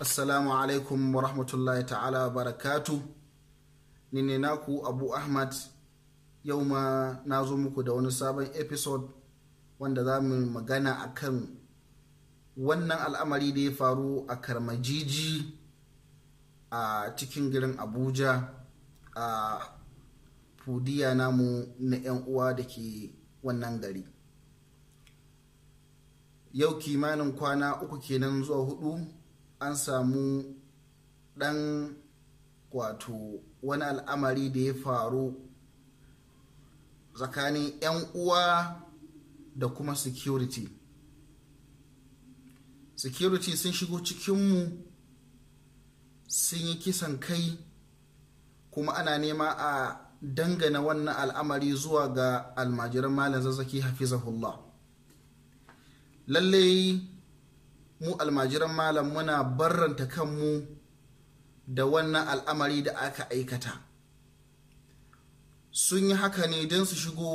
assalamu alaikum wa rahmatullahi ta'ala barakatu ni ne naku abu ahmad yau ma na zo muku da wani sabon episode wanda za mu magana a kan wannan al'amari da ya faru a karmajiji a cikin girin abuja a fudiya namu na 'yan uwa da ke wannan gari yau kimanin kwana uku kenan zuwa hudu an samu ɗan wato wani al'amari da ya faru tsakanin 'yan uwa da kuma security security sun shigo cikinmu sun yi kisan kai kuma ana nema a dangana wannan al'amari zuwa ga almajiran malam zazzaki hafizahullah lallai mu almajiran malam muna barranta kanmu da wannan al'amari da aka aikata sun yi haka ne don su shigo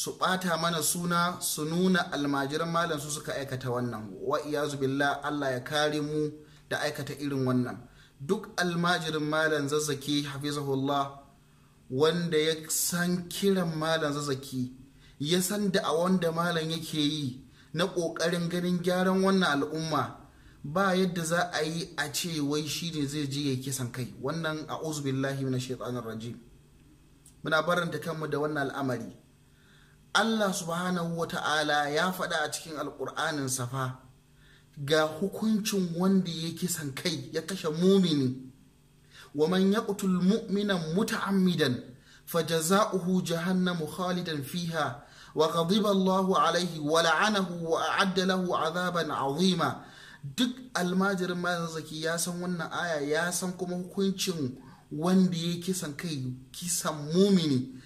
su ɓata mana suna su nuna almajiran malam su suka aikata wannan wa iyazu billah Allah ya kare mu da aikata irin wannan duk almajirin malam zazzaki hafizahullah wanda ya san kiran malam zazzaki ya san da a wanda malam yake yi na ƙoƙarin ganin gyaran wannan al'umma ba yadda za a yi a ce wai shi ne zai je ya kisan kai wannan a uzubillahi na shaitanin raji muna baranta kanmu da wannan al'amari allah subhanahu wa ta'ala ya faɗa a cikin alƙur'anin safa ga hukuncin wanda ya kisan kai ya kashe mumini wa man kutul mu'minan muta'ammidan fajaza'uhu jahannamu khalidan fiha وغضب الله عليه ولعنه وأعد له عذابا عظيما duk almajirin mayan zaki ya san wannan aya ya san kuma hukuncin wanda ya kisan kai kisan mumini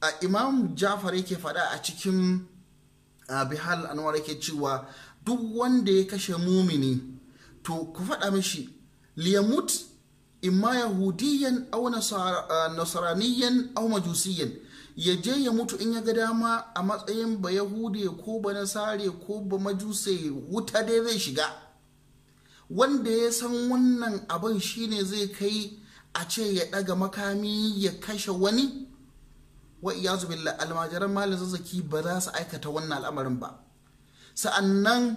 a imam jafar yake faɗa a cikin bihal anwar yake cewa duk wanda ya kashe mumini to ku faɗa mishi liyamut imma yahudiyan au nasaraniyan au majusiyan ya je ya mutu in ya ga dama a matsayin ba yahude ko ba nasare ko ba majuse wuta dai zai shiga wanda ya san wannan abin shine zai kai a ce ya daga makami ya kashe wani wa iyazu billah almajiran malam zazzaki ba za su aikata wannan al'amarin ba sa'annan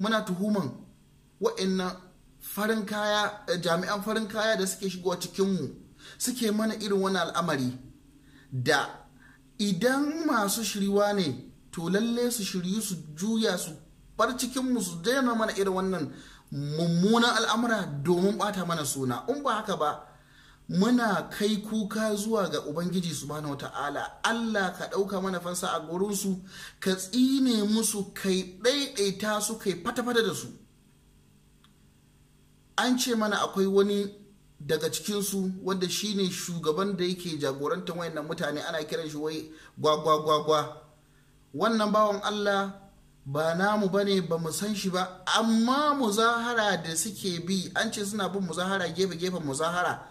muna tuhuman wa'annan farin kaya jami'an farin kaya da suke shigowa cikinmu suke mana irin wani al'amari da idan masu shiriwa ne to lalle su shiryu su juya su bar cikinmu su daina mana irin wannan mummunan al'amura domin bata mana suna in ba haka ba muna kai kuka zuwa ga ubangiji subhanahu wata'ala allah ka ɗauka mana fansa a gurinsu ka tsine musu kai ɗaiɗaita su kai fata-fata da su an ce mana akwai wani daga cikinsu wanda shine shugaban da yake jagorantar wayannan mutane ana kiran shi wai gwagwagwagwa wannan bawan Allah ba namu ba ne ba mu san shi ba amma muzahara da suke bi an ce suna bin muzahara gefe-gefen muzahara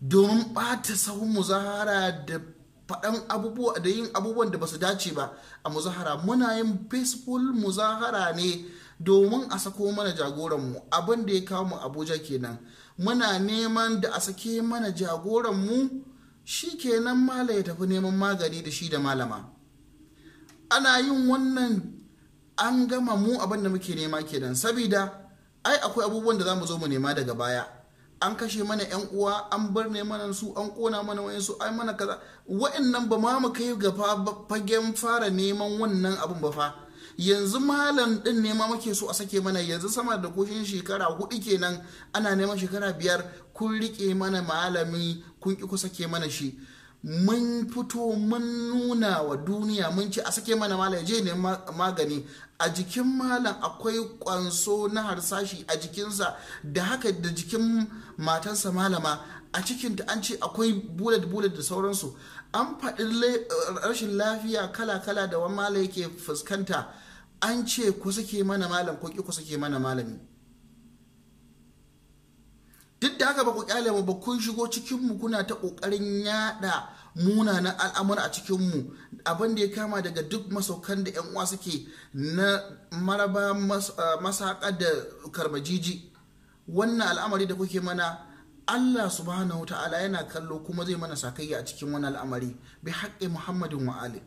domin ɓata sahun muzahara da faɗan abubuwa da yin abubuwan da ba su dace ba a muzahara muna yin baseball muzahara ne domin a sako mana jagoranmu abin da ya kawo mu abuja kenan muna neman da a sake mana jagoranmu shi kenan mala ya tafi neman magani da shi da malama ana yin wannan an gama mu abin da muke nema kenan sabida ai akwai abubuwan da za mu zo mu nema daga baya an kashe mana yan uwa an bar ne mana su an kona mana su, ai mana kaza wa'annan ba ma mu kai ga fagen fara neman wannan abun ba fa yanzu malam din ne ma muke so a sake mana yanzu sama da kushin shekara hudu kenan ana neman shekara biyar kun rike mana malami kun ki ku sake mana shi mun fito mun nuna wa duniya mun ce a sake mana malam je ne magani a jikin malam akwai kwanso na harsashi a jikinsa da haka da jikin matansa malama a cikinta an ce akwai bullet bullet da sauransu an faɗi rashin lafiya kala-kala da wani malam yake fuskanta an ce ku suke mana malam ko ki ku suke mana malami duk da haka ba ku kyale mu ba kun shigo cikin mu kuna ta kokarin yada munanan al'amura a cikin mu abin da ya kama daga duk masaukan da yan uwa suke na maraba masaka da karmajiji. wannan al'amari da kuke mana Allah subhanahu ta'ala yana kallo kuma zai mana sakayya a cikin wani al'amari bi haƙƙi Muhammadin wa ali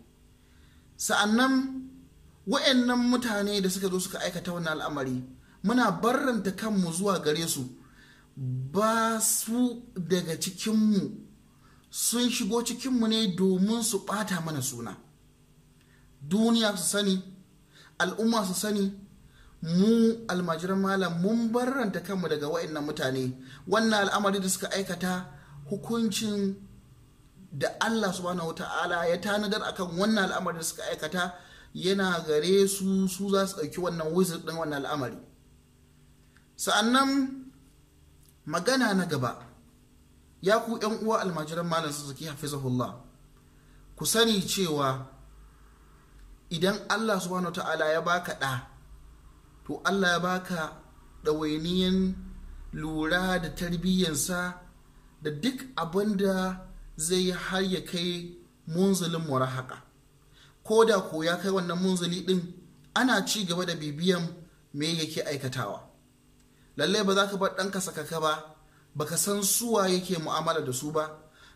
sa'annan wa'annan mutane da suka zo suka aikata wannan al'amari muna barranta kanmu zuwa gare su ba su daga cikinmu sun shigo cikinmu ne domin su ɓata mana suna duniya su sani al'umma su sani mu almajiran malam mun barranta kanmu daga wa'annan mutane wannan al'amari da suka aikata hukuncin da Allah subhanahu wata'ala ya tanadar akan wannan al'amari da suka aikata yana gare su su za su ɗauki wannan wizard ɗin wannan al'amari sa'annan magana na gaba ya ku ‘yan uwa almajiran malam suke hafizahullah ku sani cewa idan allah subhanahu ta'ala ya baka ɗa to allah ya baka ɗawainiyan lura da tarbiyyansa da duk abin da zai har ya kai munzulin murahaka ko da ko ya kai wannan munzuli din ana ci gaba da bibiyan me yake aikatawa lallai ba za ka bar ɗanka sakaka ba baka san suwa yake mu'amala da su ba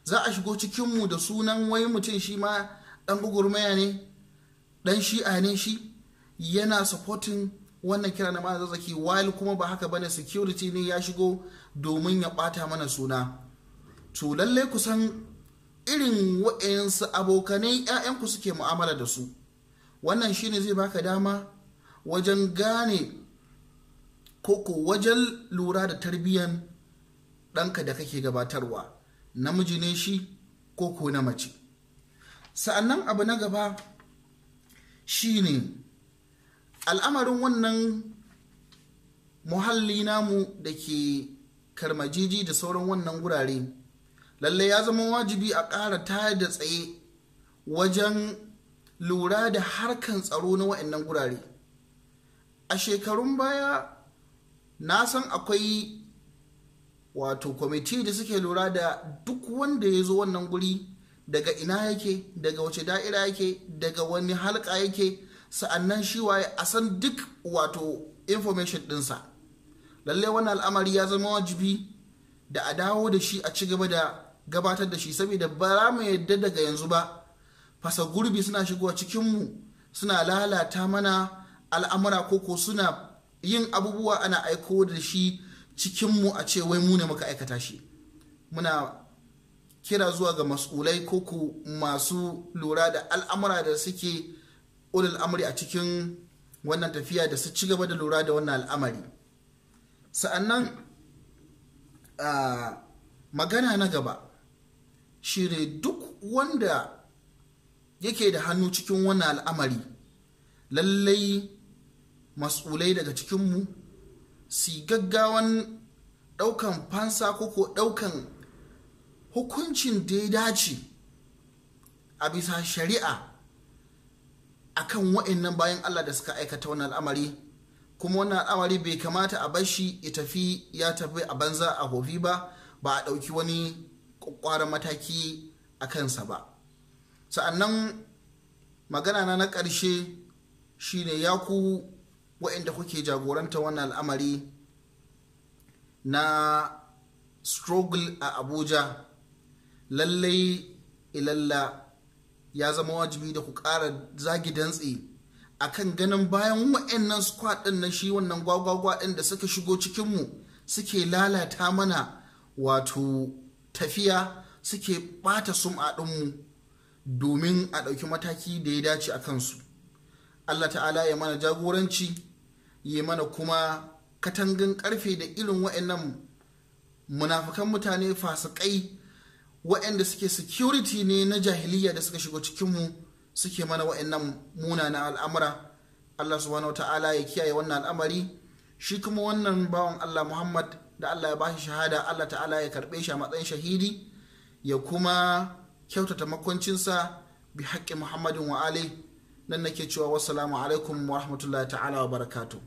za a shigo cikinmu da sunan wai mutum shi ma ɗan gugurmaya ne ɗan shi a ne shi yana supportin wannan kira na mana zazzaki while kuma ba haka bane security ne ya shigo domin ya ɓata mana suna to lallai kusan irin wa'yansu abokanai 'ya'yanku suke mu'amala da su wannan shine zai baka dama wajen gane koko wajen lura da tarbiyyan ɗanka da kake gabatarwa namiji ne shi koko na mace sa'annan abu na gaba shine al'amarin wannan muhalli namu da ke karmajiji da sauran wannan wurare. lalle ya zama wajibi a ƙara tayar da tsaye wajen lura da harkan tsaro na wa'annan gurare a shekarun baya na san akwai wato kwamiti da suke lura da duk wanda ya zo wannan guri daga ina yake daga wace da'ira yake daga wani halka yake sa'annan shi waye a san duk wato information dinsa lalle wani al'amari ya zama wajibi da a dawo da shi a ci gaba da gabatar da shi saboda ba za mu yadda daga yanzu ba fasa gurbi suna shigowa cikinmu suna lalata mana al'amura koko suna yin abubuwa ana aiko da shi cikinmu a ce wai mu ne muka aikata shi muna kira zuwa ga mas'ulai koko masu lura da al'amura da suke ulul amri a cikin wannan tafiya da su ci gaba da lura da wannan al'amari sa'annan ah, magana na gaba shire duk wanda yake da hannu cikin wannan al'amari lallai mas'ulai daga cikinmu si gaggawan ɗaukan fansa ko ko ɗaukan hukuncin da ya dace a bisa shari'a a akan wa'annan bayan Allah da suka aikata wannan al'amari kuma wannan al'amari bai kamata a bashi ya tafi ya tafi a banza a hofi ba ba a ɗauki wani kwakwaran mataki a kansa ba sa'annan magana na na ƙarshe shine ya ku wa'inda kuke jagoranta wannan al'amari na struggle a abuja lallai ilalla ya zama wajibi da ku ƙara zagi dantse a kan ganin bayan wa'annan squad ɗin na shi wannan gwagwagwa ɗin da suka shigo cikinmu suke lalata mana wato tafiya suke ɓata sum'a ɗinmu domin a ɗauki mataki da ya dace a kansu allah ta'ala ya mana jagoranci ya mana kuma katangan ƙarfe da irin wa'annan munafukan mutane fasikai wa'anda suke security ne na jahiliya da suka shiga cikinmu suke mana waɗannan munanan al'amura allah subhanahu ta'ala ya kiyaye wannan al'amari shi kuma wannan bawan allah muhammad da Allah ya bashi shahada Allah ta'ala ya karbe shi a matsayin shahidi ya kuma kyautata makoncinsa bi haƙƙi muhammadin wa'ali nan nake cewa wasu alaikum wa rahmatullahi ta'ala wa barakatu